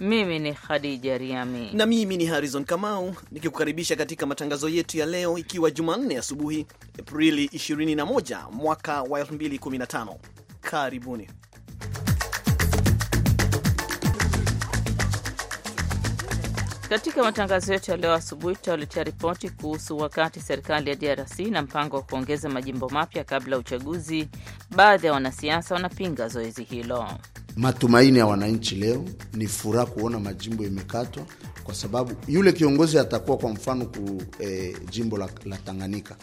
Mimi ni Khadija Riami na mimi ni Harrison Kamau nikikukaribisha katika matangazo yetu ya leo, ikiwa Jumanne asubuhi Aprili 21 mwaka wa 2015. Karibuni. Katika matangazo yetu ya leo asubuhi tutawaletea ripoti kuhusu wakati serikali ya DRC na mpango wa kuongeza majimbo mapya kabla ya uchaguzi. Baadhi ya wanasiasa wanapinga zoezi hilo. Matumaini ya wananchi leo ni furaha kuona majimbo imekatwa, kwa sababu yule kiongozi atakuwa kwa mfano ku eh, jimbo la, la Tanganyika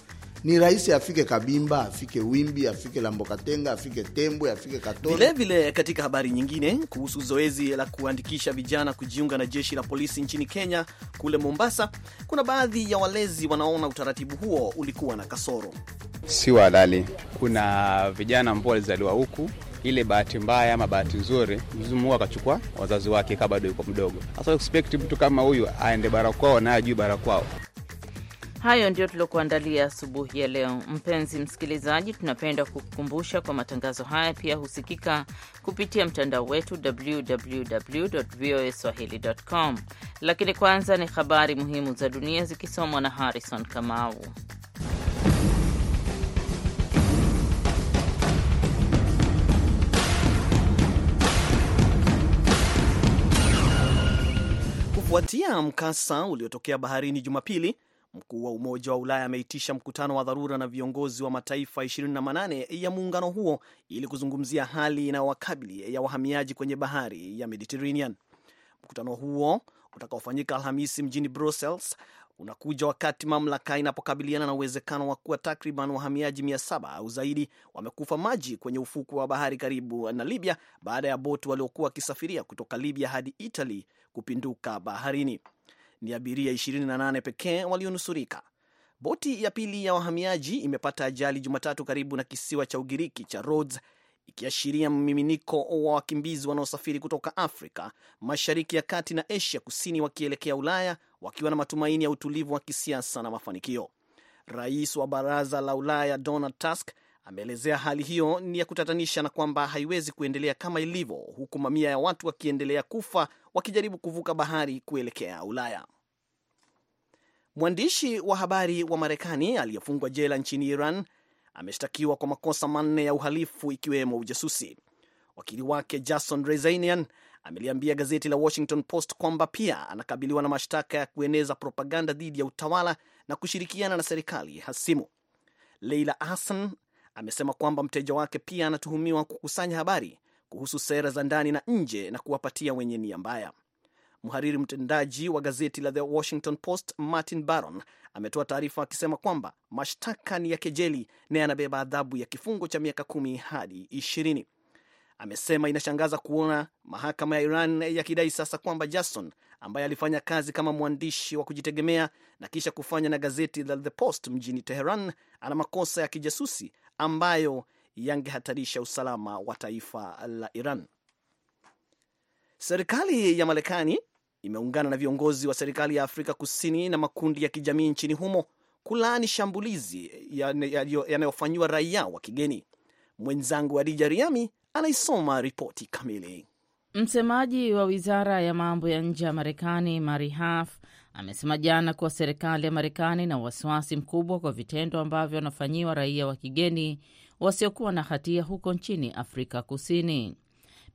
ni rahisi afike Kabimba, afike Wimbi, afike Lambokatenga, afike Tembwe, afike Katoro. Vile vile, katika habari nyingine kuhusu zoezi la kuandikisha vijana kujiunga na jeshi la polisi nchini Kenya, kule Mombasa, kuna baadhi ya walezi wanaona utaratibu huo ulikuwa na kasoro, si halali. Kuna vijana ambao walizaliwa huku ile bahati mbaya ama bahati nzuri, mzimu akachukua wazazi wake kaa bado yuko mdogo. Sasa expect mtu kama huyu aende bara kwao na ajui bara kwao. Hayo ndio tuliokuandalia asubuhi ya leo. Mpenzi msikilizaji, tunapenda kukukumbusha kwa matangazo haya pia husikika kupitia mtandao wetu www voa swahili com. Lakini kwanza ni habari muhimu za dunia zikisomwa na Harrison Kamau. Kufuatia mkasa uliotokea baharini Jumapili, mkuu wa Umoja wa Ulaya ameitisha mkutano wa dharura na viongozi wa mataifa 28 ya muungano huo ili kuzungumzia hali inayowakabili ya wahamiaji kwenye bahari ya Mediterranean. Mkutano huo utakaofanyika Alhamisi mjini Brussels unakuja wakati mamlaka inapokabiliana na uwezekano wa kuwa takriban wahamiaji 7 au zaidi wamekufa maji kwenye ufukwe wa bahari karibu na Libya baada ya boti waliokuwa wakisafiria kutoka Libya hadi Italy kupinduka baharini. Ni abiria 28 pekee walionusurika. Boti ya pili ya wahamiaji imepata ajali Jumatatu karibu na kisiwa cha Ugiriki cha Rhodes, ikiashiria mmiminiko wa wakimbizi wanaosafiri kutoka Afrika, Mashariki ya Kati na Asia Kusini wakielekea Ulaya wakiwa na matumaini ya utulivu wa kisiasa na mafanikio. Rais wa Baraza la Ulaya Donald Tusk ameelezea hali hiyo ni ya kutatanisha na kwamba haiwezi kuendelea kama ilivyo, huku mamia ya watu wakiendelea kufa wakijaribu kuvuka bahari kuelekea Ulaya. Mwandishi wa habari wa Marekani aliyefungwa jela nchini Iran ameshtakiwa kwa makosa manne ya uhalifu ikiwemo ujasusi. Wakili wake Jason Rezaian ameliambia gazeti la Washington Post kwamba pia anakabiliwa na mashtaka ya kueneza propaganda dhidi ya utawala na kushirikiana na serikali hasimu. Leila Hassan amesema kwamba mteja wake pia anatuhumiwa kukusanya habari kuhusu sera za ndani na nje na kuwapatia wenye nia mbaya. Mhariri mtendaji wa gazeti la The Washington Post Martin Baron ametoa taarifa akisema kwamba mashtaka ni ya kejeli na yanabeba adhabu ya kifungo cha miaka kumi hadi ishirini. Amesema inashangaza kuona mahakama ya Iran yakidai sasa kwamba jason ambaye alifanya kazi kama mwandishi wa kujitegemea na kisha kufanya na gazeti la The Post mjini Teheran ana makosa ya kijasusi ambayo yangehatarisha usalama wa taifa la Iran. Serikali ya Marekani imeungana na viongozi wa serikali ya Afrika Kusini na makundi ya kijamii nchini humo kulaani shambulizi yanayofanyiwa raia wa kigeni. Mwenzangu Adija Riami anaisoma ripoti kamili. Msemaji wa wizara ya mambo ya nje ya Marekani Mari Harf amesema jana kuwa serikali ya Marekani na wasiwasi mkubwa kwa vitendo ambavyo wanafanyiwa raia wa kigeni wasiokuwa na hatia huko nchini Afrika Kusini.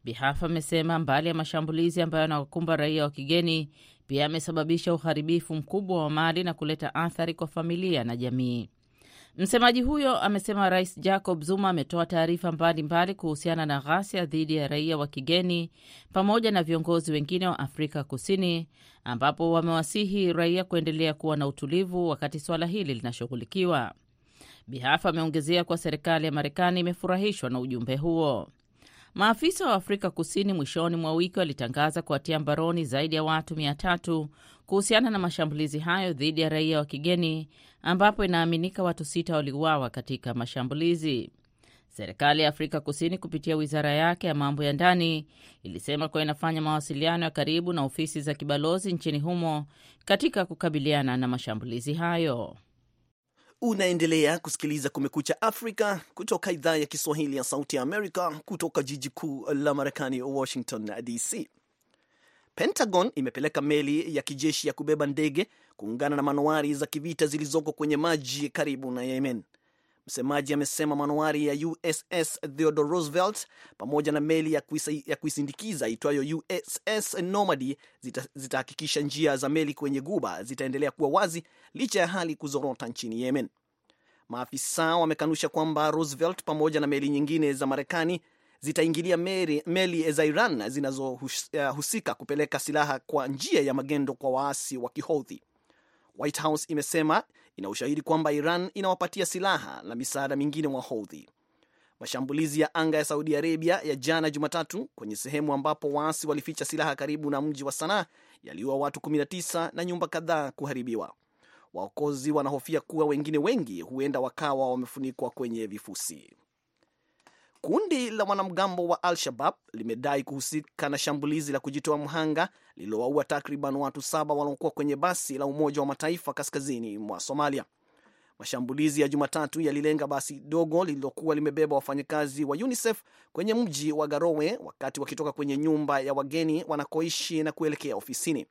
Bihafa amesema mbali ya mashambulizi ambayo yanawakumba raia wa kigeni, pia amesababisha uharibifu mkubwa wa mali na kuleta athari kwa familia na jamii. Msemaji huyo amesema Rais Jacob Zuma ametoa taarifa mbalimbali kuhusiana na ghasia dhidi ya raia wa kigeni pamoja na viongozi wengine wa Afrika Kusini, ambapo wamewasihi raia kuendelea kuwa na utulivu wakati suala hili linashughulikiwa. Bihafa ameongezea kuwa serikali ya Marekani imefurahishwa na ujumbe huo. Maafisa wa Afrika Kusini mwishoni mwa wiki walitangaza kuwatia mbaroni zaidi ya watu mia tatu kuhusiana na mashambulizi hayo dhidi ya raia wa kigeni, ambapo inaaminika watu sita waliuawa katika mashambulizi. Serikali ya Afrika Kusini kupitia wizara yake ya mambo ya ndani ilisema kuwa inafanya mawasiliano ya karibu na ofisi za kibalozi nchini humo katika kukabiliana na mashambulizi hayo. Unaendelea kusikiliza Kumekucha Afrika kutoka idhaa ya Kiswahili ya Sauti ya Amerika, kutoka jiji kuu la Marekani, Washington DC. Pentagon imepeleka meli ya kijeshi ya kubeba ndege kuungana na manowari za kivita zilizoko kwenye maji karibu na Yemen. Msemaji amesema manuari ya USS Theodore Roosevelt pamoja na meli ya kuisindikiza itwayo USS Normandy zitahakikisha zita njia za meli kwenye guba zitaendelea kuwa wazi licha ya hali kuzorota nchini Yemen. Maafisa wamekanusha kwamba Roosevelt pamoja na meli nyingine za Marekani zitaingilia meli, meli za Iran zinazohusika eh, kupeleka silaha kwa njia ya magendo kwa waasi wa Kihouthi. White House imesema ina ushahidi kwamba Iran inawapatia silaha na misaada mingine Wahodhi. Mashambulizi ya anga ya Saudi Arabia ya jana Jumatatu kwenye sehemu ambapo waasi walificha silaha karibu na mji wa Sanaa yaliua watu 19 na nyumba kadhaa kuharibiwa. Waokozi wanahofia kuwa wengine wengi huenda wakawa wamefunikwa kwenye vifusi. Kundi la wanamgambo wa Al-Shabab limedai kuhusika na shambulizi la kujitoa mhanga lililowaua takriban watu saba waliokuwa kwenye basi la Umoja wa Mataifa kaskazini mwa Somalia. Mashambulizi ya Jumatatu yalilenga basi dogo lililokuwa limebeba wafanyakazi wa UNICEF kwenye mji wa Garowe wakati wakitoka kwenye nyumba ya wageni wanakoishi na kuelekea ofisini.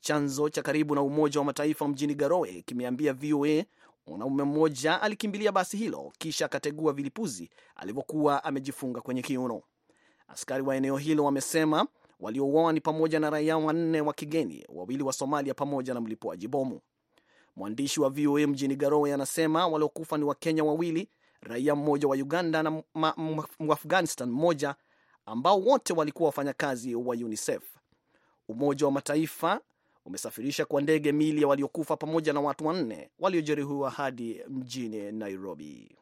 Chanzo cha karibu na Umoja wa Mataifa mjini Garowe kimeambia VOA Mwanaume mmoja alikimbilia basi hilo kisha akategua vilipuzi alivyokuwa amejifunga kwenye kiuno. Askari wa eneo hilo wamesema waliouawa ni pamoja na raia wanne wa kigeni, wawili wa Somalia pamoja na mlipuaji bomu. Mwandishi wa VOA mjini Garowe anasema waliokufa ni Wakenya wawili, raia mmoja wa Uganda na Mwafghanistan mmoja, ambao wote walikuwa wafanyakazi wa UNICEF. Umoja wa Mataifa umesafirisha kwa ndege miili ya waliokufa pamoja na watu wanne waliojeruhiwa hadi mjini Nairobi.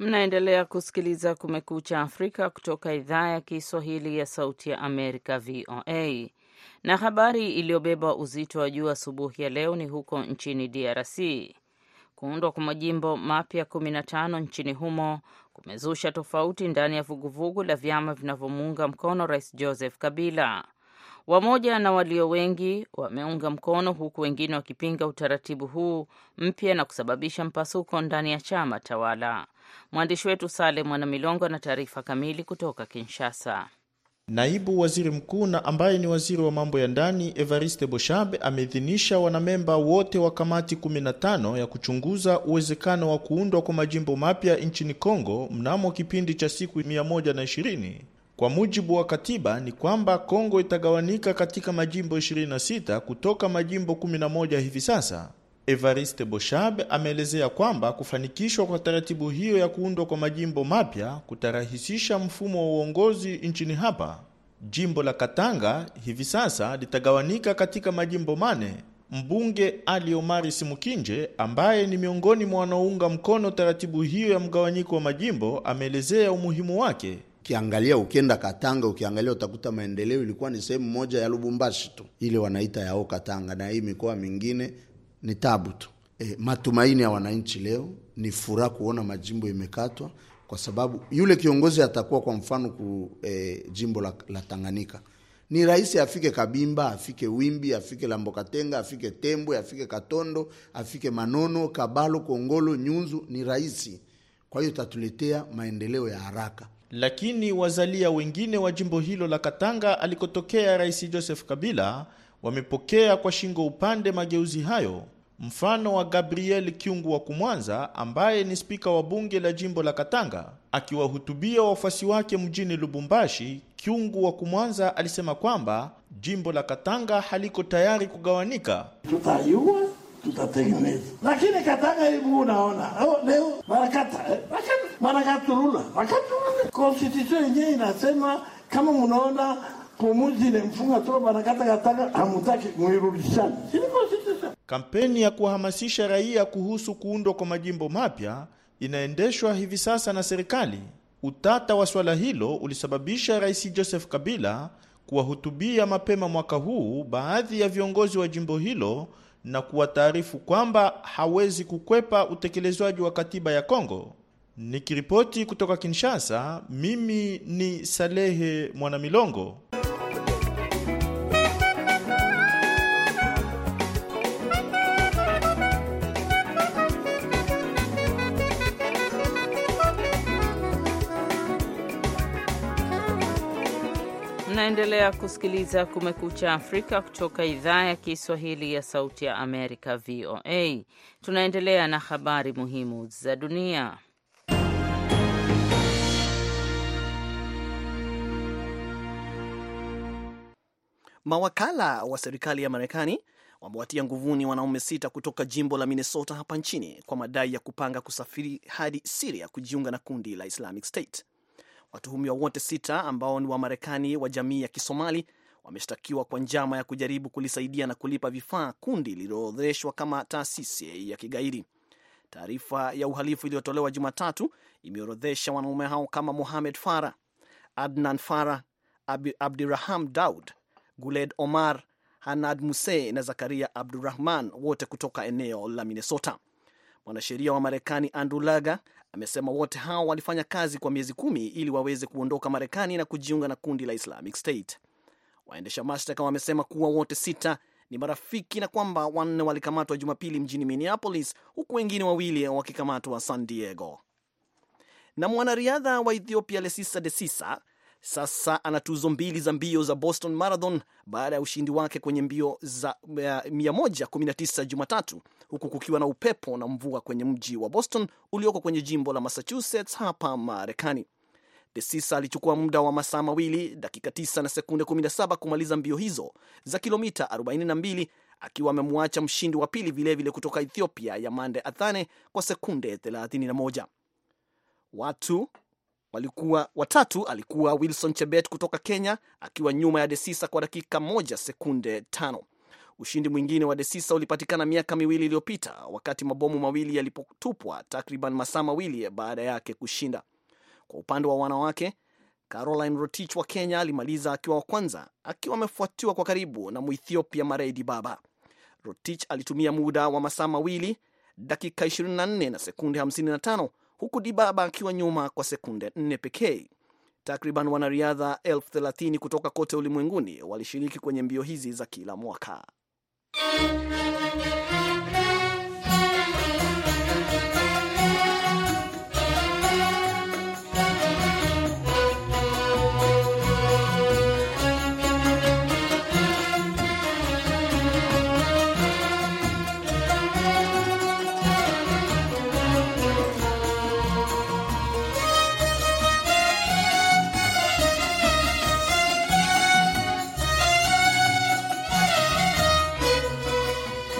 Mnaendelea kusikiliza Kumekucha Afrika kutoka idhaa ya Kiswahili ya Sauti ya Amerika, VOA. Na habari iliyobeba uzito wa juu asubuhi ya leo ni huko nchini DRC. Kuundwa kwa majimbo mapya 15 nchini humo kumezusha tofauti ndani ya vuguvugu la vyama vinavyomuunga mkono Rais Joseph Kabila. Wamoja na walio wengi wameunga mkono huku wengine wakipinga utaratibu huu mpya na kusababisha mpasuko ndani ya chama tawala. Mwandishi wetu Sale Mwanamilongo ana taarifa kamili kutoka Kinshasa. Naibu waziri mkuu na ambaye ni waziri wa mambo ya ndani Evariste Boshabe ameidhinisha wanamemba wote wa kamati 15 ya kuchunguza uwezekano wa kuundwa kwa majimbo mapya nchini Kongo mnamo kipindi cha siku 120. Kwa mujibu wa katiba ni kwamba Kongo itagawanika katika majimbo 26 kutoka majimbo 11 hivi sasa. Evariste Boshab ameelezea kwamba kufanikishwa kwa taratibu hiyo ya kuundwa kwa majimbo mapya kutarahisisha mfumo wa uongozi nchini hapa. Jimbo la Katanga hivi sasa litagawanika katika majimbo mane. Mbunge Ali Omari Simukinje ambaye ni miongoni mwa wanaounga mkono taratibu hiyo ya mgawanyiko wa majimbo ameelezea umuhimu wake. Ukiangalia ukienda Katanga, ukiangalia utakuta maendeleo ilikuwa ni sehemu moja ya Lubumbashi tu, ile wanaita yao Katanga, na hii mikoa mingine ni tabu tu. E, matumaini ya wananchi leo ni furaha kuona majimbo imekatwa, kwa sababu yule kiongozi atakuwa kwa mfano ku e, jimbo la, la Tanganyika ni rahisi afike Kabimba, afike Wimbi, afike Lambokatenga, afike Tembwe, afike Katondo, afike Manono, Kabalo, Kongolo, Nyunzu. Ni rahisi, kwa hiyo tatuletea maendeleo ya haraka. Lakini wazalia wengine wa jimbo hilo la Katanga alikotokea Rais Joseph Kabila wamepokea kwa shingo upande mageuzi hayo, mfano wa Gabriel Kyungu wa Kumwanza ambaye ni spika wa bunge la jimbo la Katanga. Akiwahutubia wafuasi wake mjini Lubumbashi, Kyungu wa Kumwanza alisema kwamba jimbo la Katanga haliko tayari kugawanika. Tutayua tutatengeneza, lakini Katanga hivi unaona oh, leo eh, marakata marakata rula marakata constitution yenyewe inasema kama mnaona hamutaki Kampeni ya kuwahamasisha raia kuhusu kuundwa kwa majimbo mapya inaendeshwa hivi sasa na serikali. Utata wa swala hilo ulisababisha Rais Joseph Kabila kuwahutubia mapema mwaka huu baadhi ya viongozi wa jimbo hilo na kuwataarifu kwamba hawezi kukwepa utekelezwaji wa katiba ya Kongo. Nikiripoti kutoka Kinshasa, mimi ni Salehe Mwanamilongo. Unaendelea kusikiliza Kumekucha Afrika kutoka idhaa ya Kiswahili ya Sauti ya Amerika, VOA. Tunaendelea na habari muhimu za dunia. Mawakala wa serikali ya Marekani wamewatia nguvuni wanaume sita kutoka jimbo la Minnesota hapa nchini kwa madai ya kupanga kusafiri hadi Siria kujiunga na kundi la Islamic State. Watuhumiwa wote sita ambao ni Wamarekani wa jamii ya Kisomali wameshtakiwa kwa njama ya kujaribu kulisaidia na kulipa vifaa kundi lililoorodheshwa kama taasisi ya kigaidi. Taarifa ya uhalifu iliyotolewa Jumatatu imeorodhesha wanaume hao kama Mohamed Farah, Adnan Farah, Abdiraham Daud, Guled Omar, Hanad Muse na Zakaria Abdurahman, wote kutoka eneo la Minnesota. Mwanasheria wa Marekani Andrew Laga amesema wote hao walifanya kazi kwa miezi kumi ili waweze kuondoka Marekani na kujiunga na kundi la Islamic State. Waendesha mashtaka wamesema kuwa wote sita ni marafiki na kwamba wanne walikamatwa Jumapili mjini Minneapolis, huku wengine wawili wakikamatwa San Diego. Na mwanariadha wa Ethiopia Lesisa Desisa sasa ana tuzo mbili za mbio za Boston Marathon baada ya ushindi wake kwenye mbio za 119 eh, Jumatatu huku kukiwa na upepo na mvua kwenye mji wa Boston ulioko kwenye jimbo la Massachusetts hapa Marekani. DeSisa alichukua muda wa masaa mawili dakika 9 na sekunde 17 kumaliza mbio hizo za kilomita 42 akiwa amemwacha mshindi wa pili vilevile kutoka Ethiopia Yamande Athane kwa sekunde 31. Watu walikuwa watatu alikuwa Wilson Chebet kutoka Kenya akiwa nyuma ya DeSisa kwa dakika moja sekunde tano. Ushindi mwingine wa DeSisa ulipatikana miaka miwili iliyopita wakati mabomu mawili yalipotupwa takriban masaa mawili baada yake kushinda. Kwa upande wa wanawake, Caroline Rotich wa Kenya alimaliza akiwa wa kwanza akiwa amefuatiwa kwa karibu na Muethiopia Maredi Baba. Rotich alitumia muda wa masaa mawili dakika 24 na sekunde 55 huku Dibaba akiwa nyuma kwa sekunde 4 pekee. Takriban wanariadha elfu 30 kutoka kote ulimwenguni walishiriki kwenye mbio hizi za kila mwaka. Thank you.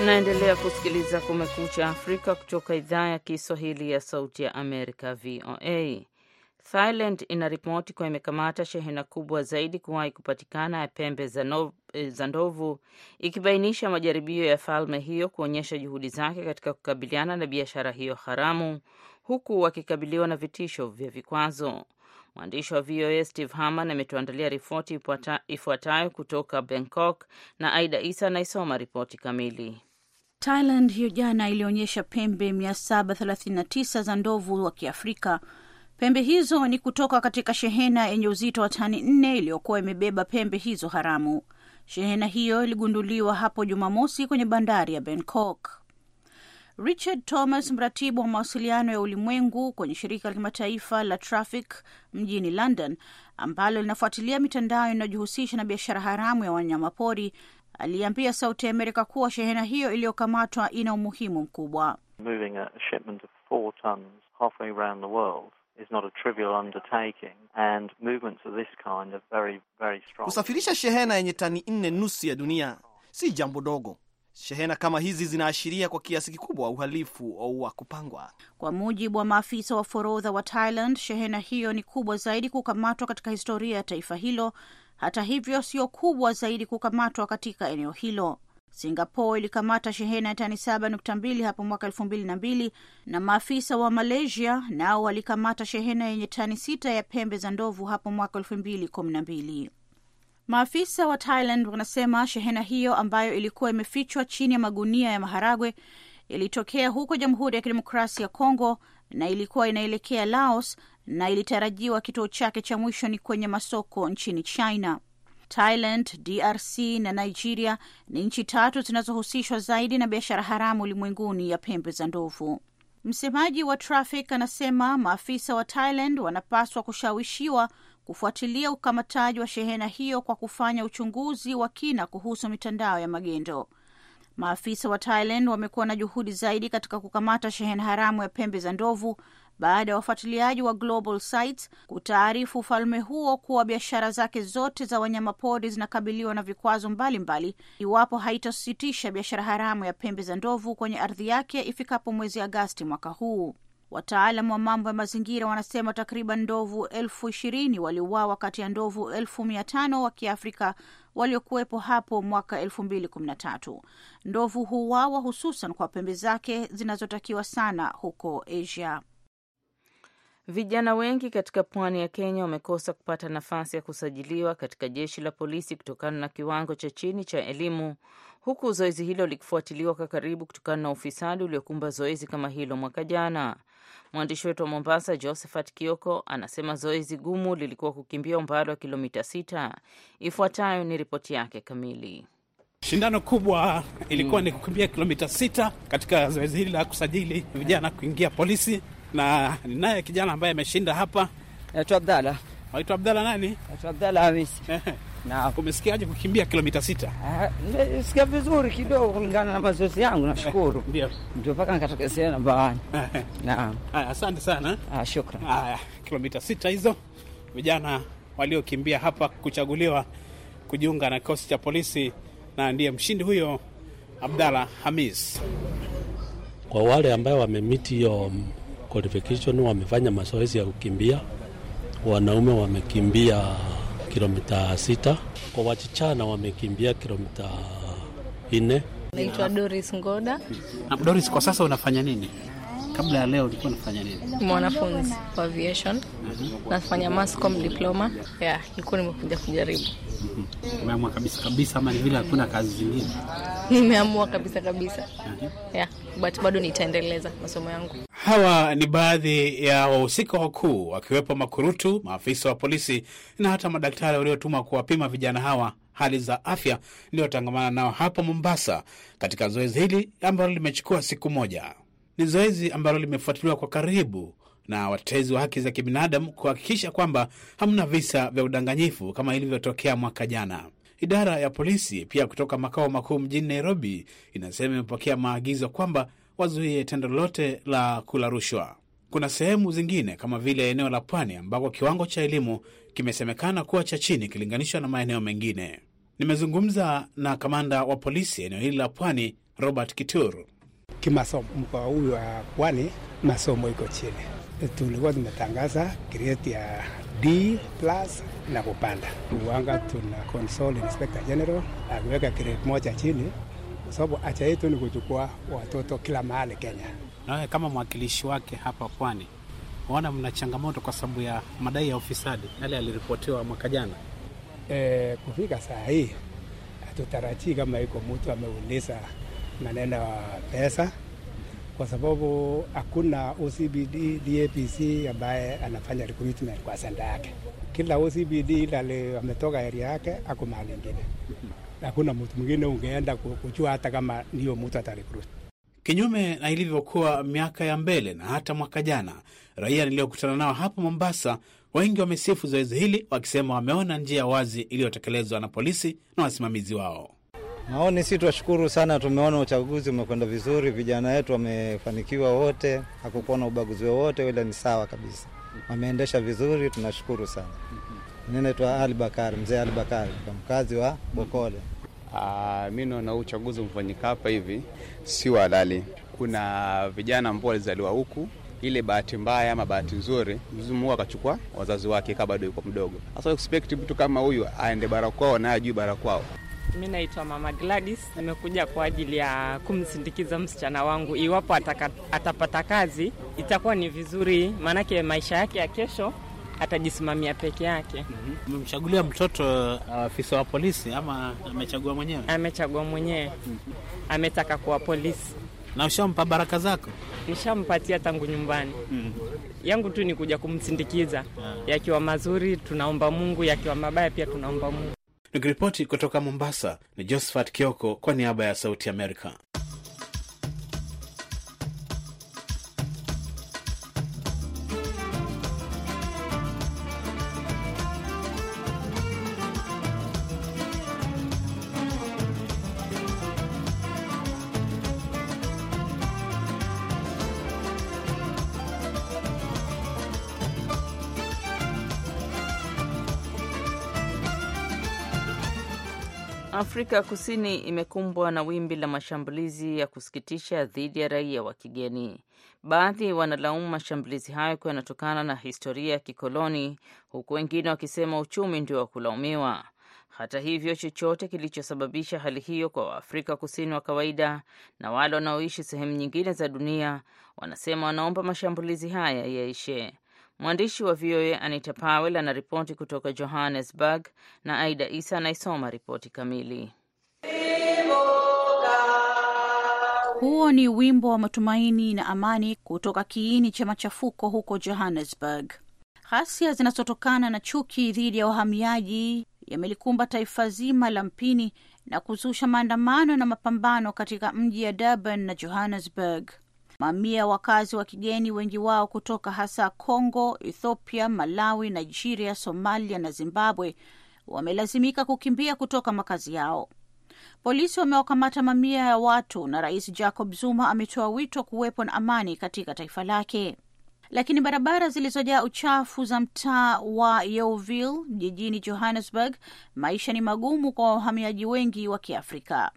Mnaendelea kusikiliza Kumekucha Afrika kutoka idhaa ya Kiswahili ya Sauti ya Amerika, VOA. Thailand inaripoti kuwa imekamata shehena kubwa zaidi kuwahi kupatikana ya pembe eh, za ndovu, ikibainisha majaribio ya falme hiyo kuonyesha juhudi zake katika kukabiliana na biashara hiyo haramu, huku wakikabiliwa na vitisho vya vikwazo. Mwandishi wa VOA Steve Harman ametuandalia ripoti ifuatayo kutoka Bangkok, na Aida Isa anaisoma ripoti kamili. Thailand hiyo jana ilionyesha pembe 739 za ndovu wa Kiafrika. Pembe hizo ni kutoka katika shehena yenye uzito wa tani nne iliyokuwa imebeba pembe hizo haramu. Shehena hiyo iligunduliwa hapo Jumamosi kwenye bandari ya Bangkok. Richard Thomas, mratibu wa mawasiliano ya ulimwengu kwenye shirika la kimataifa la Traffic mjini London, ambalo linafuatilia mitandao inayojihusisha na biashara haramu ya wanyamapori, aliambia Sauti ya Amerika kuwa shehena hiyo iliyokamatwa ina umuhimu mkubwa. Kusafirisha shehena yenye tani nne nusu ya dunia si jambo dogo. Shehena kama hizi zinaashiria kwa kiasi kikubwa uhalifu wa kupangwa. Kwa mujibu wa maafisa wa forodha wa Thailand, shehena hiyo ni kubwa zaidi kukamatwa katika historia ya taifa hilo hata hivyo sio kubwa zaidi kukamatwa katika eneo hilo. Singapore ilikamata shehena ya tani 7.2 hapo mwaka elfu mbili na mbili na maafisa wa Malaysia nao walikamata shehena yenye tani sita ya pembe za ndovu hapo mwaka elfu mbili kumi na mbili. Maafisa wa Thailand wanasema shehena hiyo ambayo ilikuwa imefichwa chini ya magunia ya maharagwe ilitokea huko Jamhuri ya Kidemokrasia ya Kongo na ilikuwa inaelekea Laos na ilitarajiwa kituo chake cha mwisho ni kwenye masoko nchini China. Thailand, DRC na Nigeria ni nchi tatu zinazohusishwa zaidi na biashara haramu ulimwenguni ya pembe za ndovu. Msemaji wa trafi anasema maafisa wa Thailand wanapaswa kushawishiwa kufuatilia ukamataji wa shehena hiyo kwa kufanya uchunguzi wa kina kuhusu mitandao ya magendo. Maafisa wa Thailand wamekuwa na juhudi zaidi katika kukamata shehena haramu ya pembe za ndovu baada ya wafuatiliaji wa Global Sites kutaarifu ufalme huo kuwa biashara zake zote za wanyamapori zinakabiliwa na vikwazo mbalimbali iwapo haitasitisha biashara haramu ya pembe za ndovu kwenye ardhi yake ifikapo mwezi Agasti mwaka huu. Wataalam wa mambo ya mazingira wanasema takriban ndovu elfu ishirini waliuawa kati ya ndovu elfu mia tano wa Kiafrika waliokuwepo hapo mwaka elfu mbili kumi na tatu. Ndovu huuawa hususan kwa pembe zake zinazotakiwa sana huko Asia. Vijana wengi katika pwani ya Kenya wamekosa kupata nafasi ya kusajiliwa katika jeshi la polisi kutokana na kiwango cha chini cha elimu, huku zoezi hilo likifuatiliwa kwa karibu kutokana na ufisadi uliokumba zoezi kama hilo mwaka jana. Mwandishi wetu wa Mombasa, Josephat Kioko, anasema zoezi gumu lilikuwa kukimbia umbali wa kilomita sita. Ifuatayo ni ripoti yake kamili. Shindano kubwa ilikuwa mm. ni kukimbia kilomita sita katika zoezi hili la kusajili vijana kuingia polisi, na ninaye kijana ambaye ameshinda hapa, naitwa Abdala. Naitwa Abdala nani? Naitwa Abdala Hamisi. na umesikiaje kukimbia kilomita sita? Eh, eh, sikia vizuri kidogo kulingana na mazoezi yangu, nashukuru ndio ndio mpaka nikatokezea namba wani. Eh, Naam, asante sana. Ah, shukrani. Haya, kilomita sita hizo vijana waliokimbia hapa kuchaguliwa kujiunga na kikosi cha polisi, na ndiye mshindi huyo Abdalla Hamis. Kwa wale ambao wamemiti hiyo qualification, wamefanya mazoezi ya kukimbia, wanaume wamekimbia kilomita sita. Kwa Wachichana wamekimbia kilomita nne. Naitwa Doris Ngoda. Na Doris, kwa sasa unafanya nini? Kabla ya leo ulikuwa unafanya nini? Mwanafunzi wa aviation. Uh-huh. Nafanya mascom diploma. Yeah, nilikuwa nimekuja kujaribu. Uh-huh. Umeamua kabisa kabisa ama ni vile hakuna kazi zingine? Nimeamua kabisa kabisa. Uh-huh. Yeah, but bado nitaendeleza masomo yangu. Hawa ni baadhi ya wahusika wakuu, wakiwepo makurutu, maafisa wa polisi na hata madaktari waliotumwa kuwapima vijana hawa hali za afya iliyotangamana nao hapa Mombasa katika zoezi hili ambalo limechukua siku moja. Ni zoezi ambalo limefuatiliwa kwa karibu na watetezi wa haki za kibinadamu kuhakikisha kwamba hamna visa vya udanganyifu kama ilivyotokea mwaka jana. Idara ya polisi pia kutoka makao makuu mjini Nairobi inasema imepokea maagizo kwamba wazuie tendo lote la kula rushwa. Kuna sehemu zingine kama vile eneo la pwani ambako kiwango cha elimu kimesemekana kuwa cha chini ikilinganishwa na maeneo mengine. Nimezungumza na kamanda wa polisi eneo hili la pwani, Robert Kituru. Kimasomo, mkoa huyu wa pwani masomo iko chini. Tulikuwa tumetangaza grade ya D plus na kupanda. Uwanga tuna console inspector general akiweka grade moja chini kwa sababu acha yetu ni kuchukua watoto kila mahali Kenya. Nawe kama mwakilishi wake hapa Pwani, waona mna changamoto kwa sababu ya madai ya ufisadi yale yaliripotiwa mwaka jana? E, kufika saa hii hatutarajii kama iko mtu ameuliza maneno ya pesa, kwa sababu hakuna OCBD DAPC ambaye anafanya recruitment kwa senda yake. Kila OCBD ile ametoka area yake ako mahali ingine hakuna mtu mwingine ungeenda kujua hata kama ndiyo mtu atari Kristo. Kinyume na ilivyokuwa miaka ya mbele na hata mwaka jana, raia niliyokutana nao hapa Mombasa wengi wamesifu zoezi hili, wakisema wameona njia wazi iliyotekelezwa na polisi na wasimamizi wao. Maoni si twashukuru sana, tumeona uchaguzi umekwenda vizuri, vijana wetu wamefanikiwa wote, hakukuwa na ubaguzi wowote, ila ni sawa kabisa, wameendesha vizuri, tunashukuru sana. Ninaitwa Ali Bakar, mzee Ali Bakar, mkazi wa Bokole. Uh, ah, mi naona uchaguzi umefanyika hapa hivi si halali. Kuna vijana ambao walizaliwa huku, ile bahati mbaya ama bahati nzuri, mzimu akachukua wazazi wake kabla bado yuko mdogo. Sasa expect mtu kama huyu aende bara kwao na ajui bara kwao. Mi naitwa Mama Gladys, nimekuja kwa ajili ya kumsindikiza msichana wangu. Iwapo ataka, atapata kazi itakuwa ni vizuri, maanake maisha yake ya kesho atajisimamia peke yake. Umemchagulia mm -hmm. mtoto uh, afisa uh, wa polisi ama amechagua mwenyewe? Amechagua mwenyewe mm -hmm. ametaka kuwa polisi. Na ushampa baraka zako? Nishampatia tangu nyumbani mm -hmm. yangu tu ni kuja kumsindikiza yeah. yakiwa mazuri tunaomba Mungu, yakiwa mabaya pia tunaomba Mungu. Nikiripoti kutoka Mombasa ni Josephat Kioko kwa niaba ya Sauti Amerika. Afrika Kusini imekumbwa na wimbi la mashambulizi ya kusikitisha dhidi ya raia wa kigeni. Baadhi wanalaumu mashambulizi hayo kuwa yanatokana na historia ya kikoloni, huku wengine wakisema uchumi ndio wa kulaumiwa. Hata hivyo, chochote kilichosababisha hali hiyo kwa Waafrika Kusini wa kawaida na wale wanaoishi sehemu nyingine za dunia, wanasema wanaomba mashambulizi haya yaishe. Mwandishi wa VOA Anita Powell anaripoti kutoka Johannesburg na Aida Isa anaisoma ripoti kamili. Huo ni wimbo wa matumaini na amani kutoka kiini cha machafuko huko Johannesburg. Ghasia zinazotokana na chuki dhidi ya wahamiaji yamelikumba taifa zima la mpini na kuzusha maandamano na mapambano katika mji ya Durban na Johannesburg. Mamia wakazi wa kigeni, wengi wao kutoka hasa congo Ethiopia, Malawi, Nigeria, Somalia na Zimbabwe, wamelazimika kukimbia kutoka makazi yao. Polisi wamewakamata mamia ya watu na Rais Jacob Zuma ametoa wito kuwepo na amani katika taifa lake. Lakini barabara zilizojaa uchafu za mtaa wa Yeovil jijini Johannesburg, maisha ni magumu kwa wahamiaji wengi wa Kiafrika.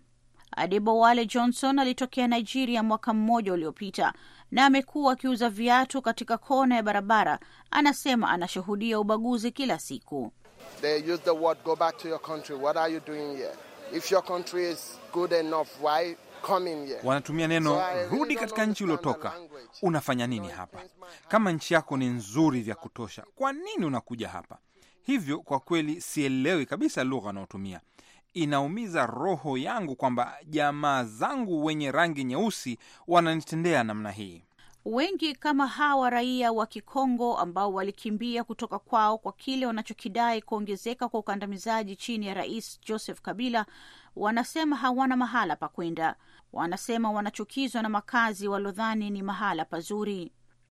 Adebowale Johnson alitokea Nigeria mwaka mmoja uliopita na amekuwa akiuza viatu katika kona ya barabara. Anasema anashuhudia ubaguzi kila siku. Wanatumia neno rudi katika nchi uliotoka. Unafanya nini hapa? Kama nchi yako ni nzuri vya kutosha, kwa nini unakuja hapa? Hivyo kwa kweli sielewi kabisa lugha anaotumia inaumiza roho yangu kwamba jamaa zangu wenye rangi nyeusi wananitendea namna hii. Wengi kama hawa raia wa Kikongo ambao walikimbia kutoka kwao kwa kile wanachokidai kuongezeka kwa ukandamizaji chini ya Rais Joseph Kabila wanasema hawana mahala pa kwenda. Wanasema wanachukizwa na makazi walodhani ni mahala pazuri.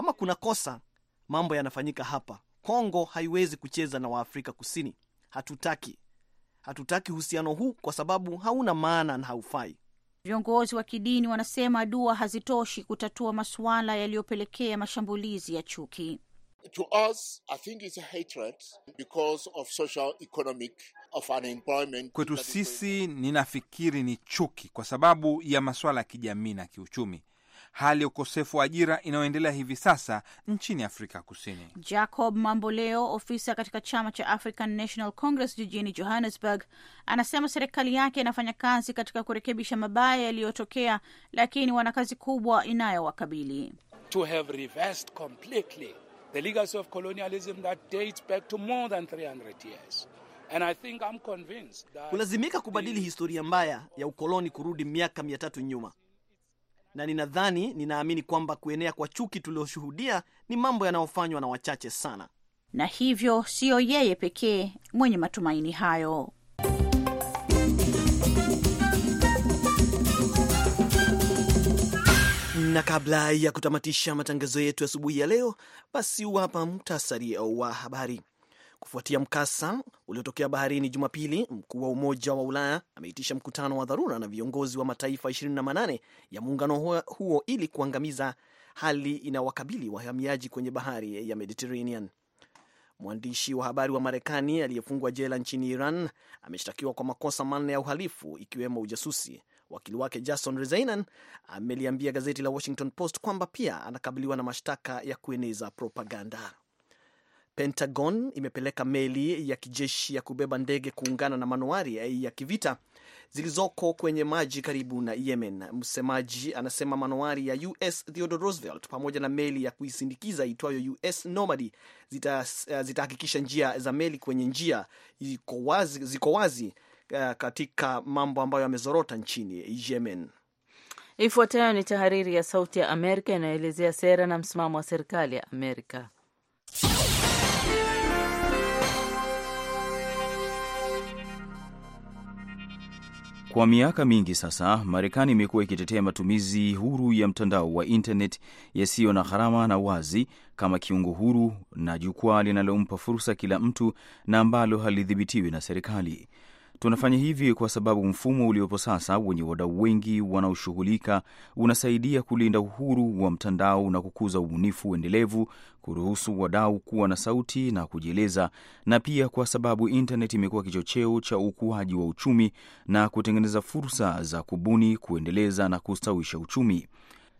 Kama kuna kosa, mambo yanafanyika hapa. Kongo haiwezi kucheza na Waafrika Kusini. Hatutaki, hatutaki uhusiano huu kwa sababu hauna maana na haufai. Viongozi wa kidini wanasema dua hazitoshi kutatua masuala yaliyopelekea mashambulizi ya chuki. To us, I think it's a hatred because of social economic of unemployment. Kwetu sisi ninafikiri ni chuki kwa sababu ya masuala ya kijamii na kiuchumi hali ya ukosefu wa ajira inayoendelea hivi sasa nchini Afrika Kusini. Jacob Mamboleo, ofisa katika chama cha African National Congress jijini Johannesburg, anasema serikali yake inafanya kazi katika kurekebisha mabaya yaliyotokea, lakini wana kazi kubwa inayowakabili to have reversed completely the legacy of colonialism that dates back to more than 300 years. And I think I'm convinced that kulazimika kubadili historia mbaya ya ukoloni kurudi miaka mia tatu nyuma na ninadhani, ninaamini kwamba kuenea kwa chuki tulioshuhudia ni mambo yanayofanywa na wachache sana, na hivyo siyo yeye pekee mwenye matumaini hayo. na kabla ya kutamatisha matangazo yetu asubuhi ya, leo basi, huapa muhtasari wa habari. Kufuatia mkasa uliotokea baharini Jumapili, mkuu wa Umoja wa Ulaya ameitisha mkutano wa dharura na viongozi wa mataifa 28 ya muungano huo ili kuangamiza hali inawakabili wahamiaji kwenye bahari ya Mediterranean. Mwandishi wa habari wa Marekani aliyefungwa jela nchini Iran ameshtakiwa kwa makosa manne ya uhalifu ikiwemo ujasusi. Wakili wake Jason Rezaian ameliambia gazeti la Washington Post kwamba pia anakabiliwa na mashtaka ya kueneza propaganda. Pentagon imepeleka meli ya kijeshi ya kubeba ndege kuungana na manowari ya kivita zilizoko kwenye maji karibu na Yemen. Msemaji anasema manowari ya US Theodore Roosevelt pamoja na meli ya kuisindikiza itwayo US nomady eh, zitahakikisha zita njia za meli kwenye njia ziko wazi, ziko wazi eh, katika mambo ambayo yamezorota nchini Yemen. Ifuatayo ni tahariri ya Sauti ya Amerika inayoelezea sera na msimamo wa serikali ya Amerika. Kwa miaka mingi sasa, Marekani imekuwa ikitetea matumizi huru ya mtandao wa intanet yasiyo na gharama na wazi kama kiungo huru na jukwaa linalompa fursa kila mtu na ambalo halidhibitiwi na serikali. Tunafanya hivi kwa sababu mfumo uliopo sasa wenye wadau wengi wanaoshughulika unasaidia kulinda uhuru wa mtandao na kukuza ubunifu endelevu, kuruhusu wadau kuwa na sauti na kujieleza, na pia kwa sababu intaneti imekuwa kichocheo cha ukuaji wa uchumi na kutengeneza fursa za kubuni, kuendeleza na kustawisha uchumi.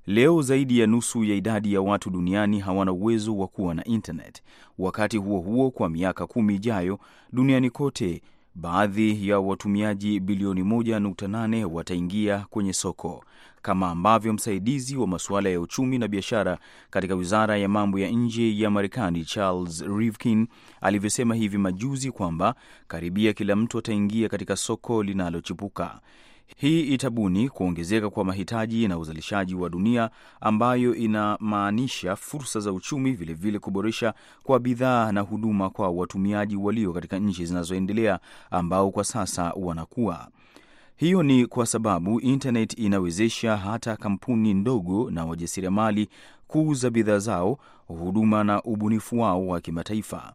Leo zaidi ya nusu ya idadi ya watu duniani hawana uwezo wa kuwa na intnet Wakati huo huo, kwa miaka kumi ijayo duniani kote baadhi ya watumiaji bilioni 1.8 wataingia kwenye soko, kama ambavyo msaidizi wa masuala ya uchumi na biashara katika wizara ya mambo ya nje ya Marekani Charles Rivkin alivyosema hivi majuzi kwamba karibia kila mtu ataingia katika soko linalochipuka. Hii itabuni kuongezeka kwa mahitaji na uzalishaji wa dunia, ambayo inamaanisha fursa za uchumi, vilevile vile kuboresha kwa bidhaa na huduma kwa watumiaji walio katika nchi zinazoendelea ambao kwa sasa wanakuwa hiyo ni kwa sababu internet inawezesha hata kampuni ndogo na wajasiriamali kuuza bidhaa zao, huduma na ubunifu wao wa kimataifa.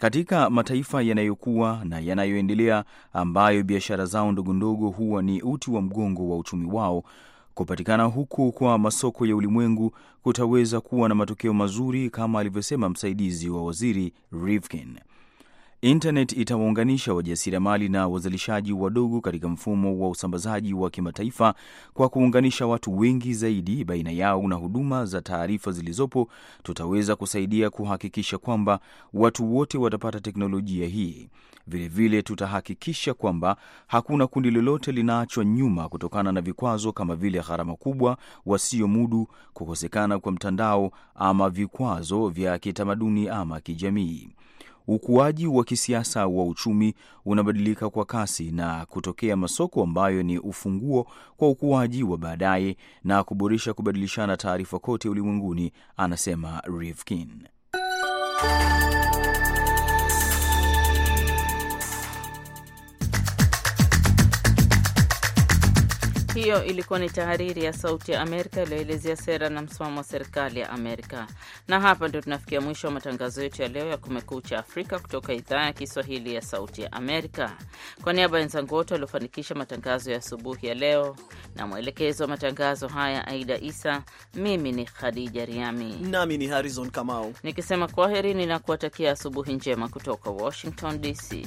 Katika mataifa yanayokuwa na yanayoendelea ambayo biashara zao ndogondogo huwa ni uti wa mgongo wa uchumi wao, kupatikana huku kwa masoko ya ulimwengu kutaweza kuwa na matokeo mazuri, kama alivyosema msaidizi wa waziri Rivkin. Internet itawaunganisha wajasiriamali na wazalishaji wadogo katika mfumo wa usambazaji wa kimataifa kwa kuunganisha watu wengi zaidi baina yao na huduma za taarifa zilizopo. Tutaweza kusaidia kuhakikisha kwamba watu wote watapata teknolojia hii. Vilevile vile tutahakikisha kwamba hakuna kundi lolote linaachwa nyuma kutokana na vikwazo kama vile gharama kubwa, wasiomudu, kukosekana kwa mtandao, ama vikwazo vya kitamaduni ama kijamii. Ukuaji wa kisiasa wa uchumi unabadilika kwa kasi na kutokea masoko ambayo ni ufunguo kwa ukuaji wa baadaye na kuboresha kubadilishana taarifa kote ulimwenguni, anasema Rifkin. Hiyo ilikuwa ni tahariri ya Sauti ya Amerika iliyoelezea sera na msimamo wa serikali ya Amerika. Na hapa ndio tunafikia mwisho wa matangazo yetu ya leo ya Kumekucha Afrika kutoka idhaa ya Kiswahili ya Sauti ya Amerika. Kwa niaba ya wenzangu wote waliofanikisha matangazo ya asubuhi ya leo na mwelekezo wa matangazo haya Aida Isa, mimi ni Khadija Riami nami ni Harrison Kamau nikisema na kuwatakia asubuhi njema kutoka Washington DC.